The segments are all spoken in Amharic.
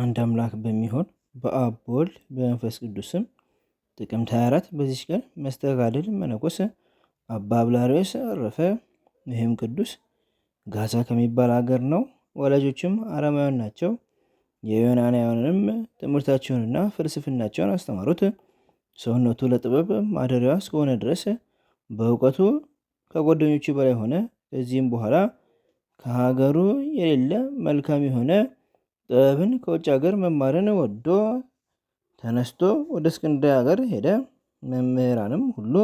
አንድ አምላክ በሚሆን በአብ በወልድ በመንፈስ ቅዱስም ጥቅምት 24 በዚች ቀን መስተጋድል መነኮስ አባ አብላርዮስ አረፈ። ይህም ቅዱስ ጋዛ ከሚባል ሀገር ነው። ወላጆችም አረማውያን ናቸው። የዮናናውያንንም ትምህርታቸውንና ፍልስፍናቸውን አስተማሩት። ሰውነቱ ለጥበብ ማደሪያ እስከሆነ ድረስ በእውቀቱ ከጓደኞቹ በላይ ሆነ። ከዚህም በኋላ ከሀገሩ የሌለ መልካም የሆነ ጥበብን ከውጭ ሀገር መማርን ወዶ ተነስቶ ወደ እስክንድርያ ሀገር ሄደ። መምህራንም ሁሉ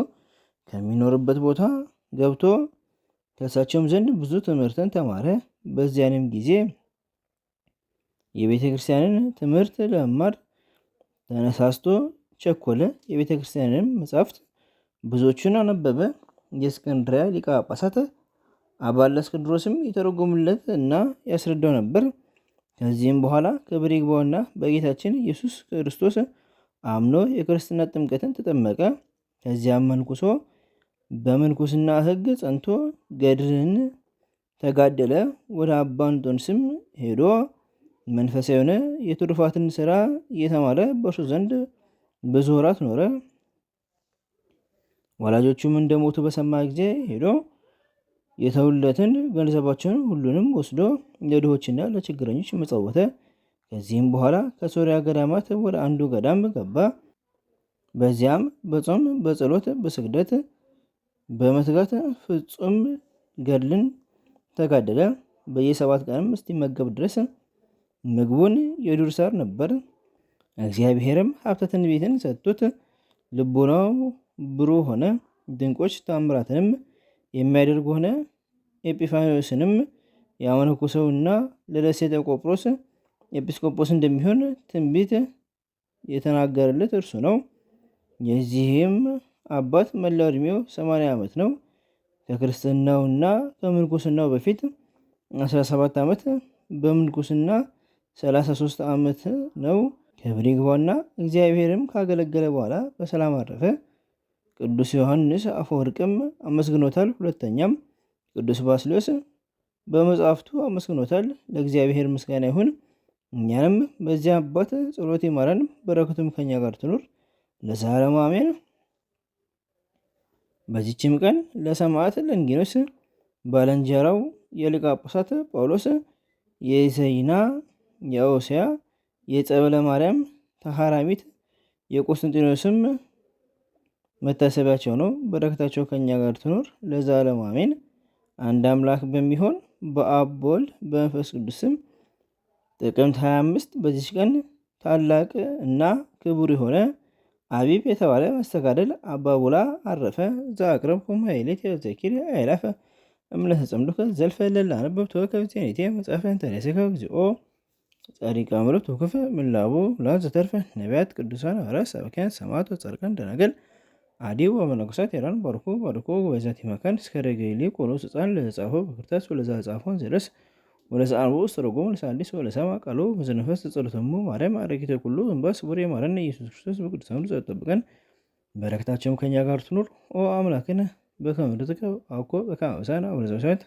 ከሚኖርበት ቦታ ገብቶ ከእሳቸውም ዘንድ ብዙ ትምህርትን ተማረ። በዚያንም ጊዜ የቤተ ክርስቲያንን ትምህርት ለመማር ተነሳስቶ ቸኮለ። የቤተ ክርስቲያንን መጻሕፍት ብዙዎቹን አነበበ። የእስክንድርያ ሊቀ ጳጳሳት አባ እለእስክንድሮስም የተረጎሙለት እና ያስረዳው ነበር። ከዚህም በኋላ ክብር ይግባውና በጌታችን ኢየሱስ ክርስቶስ አምኖ የክርስትና ጥምቀትን ተጠመቀ። ከዚያም መንኩሶ በምንኩስና ሕግ ጸንቶ ገድርን ተጋደለ። ወደ አባ እንጦንስም ሄዶ መንፈሳዊ የሆነ የትሩፋትን ስራ እየተማረ በእርሱ ዘንድ ብዙ ወራት ኖረ። ወላጆቹም እንደሞቱ በሰማ ጊዜ ሄዶ የተውለትን ገንዘባቸውን ሁሉንም ወስዶ ለድሆችና ለችግረኞች መጸወተ። ከዚህም በኋላ ከሶሪያ ገዳማት ወደ አንዱ ገዳም ገባ። በዚያም በጾም በጸሎት በስግደት በመትጋት ፍጹም ገድልን ተጋደለ። በየሰባት ቀንም እስኪመገብ ድረስ ምግቡን የዱር ሳር ነበር። እግዚአብሔርም ሀብተ ትንቢትን ሰጡት። ልቡናው ብሩህ ሆነ። ድንቆች ታምራትንም የሚያደርግ ሆነ። ኤጲፋንዮስንም ና ለደሴተ ቆጵሮስ ኤጲስቆጶስ እንደሚሆን ትንቢት የተናገረለት እርሱ ነው። የዚህም አባት መላው ዕድሜው ሰማንያ ዓመት ነው። ከክርስትናውና ከምንኩስናው በፊት 17 ዓመት በምንኩስና 33 ዓመት ነው። ክብር ይግባውና እግዚአብሔርም ካገለገለ በኋላ በሰላም አረፈ። ቅዱስ ዮሐንስ አፈወርቅም አመስግኖታል። ሁለተኛም ቅዱስ ባስልዮስ በመጽሐፍቱ አመስግኖታል። ለእግዚአብሔር ምስጋና ይሁን፣ እኛንም በዚያ አባት ጸሎት ይማረን፣ በረከቱም ከኛ ጋር ትኑር ለዘላለሙ አሜን። በዚችም ቀን ለሰማዕት ለንጊኖስ ባለንጀራው የሊቀ ጳጳሳት ጳውሎስ የዘይና የኦስያ የጸበለ ማርያም ተሃራሚት የቆስጠንጢኖስም መታሰቢያቸው ነው። በረከታቸው ከእኛ ጋር ትኖር ለዘላለም አሜን። አንድ አምላክ በሚሆን በአብ በወልድ በመንፈስ ቅዱስም ጥቅምት 25 በዚች ቀን ታላቅ እና ክቡር የሆነ አቢብ የተባለ መስተጋደል አባ ቡላ አረፈ። ዘአቅረብኩሙ ኃይሌት ዘኪር አይላፈ እምለተ ተጸምዱከ ዘልፈ ለላ ለላነበብቶ ከብቴኔቴ መጽሐፈ ተሬሴከ እግዚኦ ጻድቃ ምረቱ ክፍ ምላቡ ላ ዘተርፈ ነቢያት ቅዱሳን ሐዋርያት ሰብኪያን ሰማዕታት ጻድቃን ደናግል አዲው ወመነኮሳት ኤራን ባርኮ ባርኮ ወበዛቲ መካን እስከ ረገይሌ ቆሮስ ህፃን ለተጻፈ በክርታስ ወለዛ ጻፎን ዘለስ ወደ ሰአልቦ ውስጥ ተረጎሙ ለሳዲስ ወለሰማ ቃሎ በዘነፈስ ተጸሎተሙ ማርያም አረጊተ ኩሉ እንባስ ቡሬ ማረነ ኢየሱስ ክርስቶስ በቅዱሳኑ ጸሎት ጠብቀን፣ በረከታቸውም ከእኛ ጋር ትኑር። ኦ አምላክነ በከመ ርትከ አኮ በከመ አበሳነ አቡነ ዘበሰማያት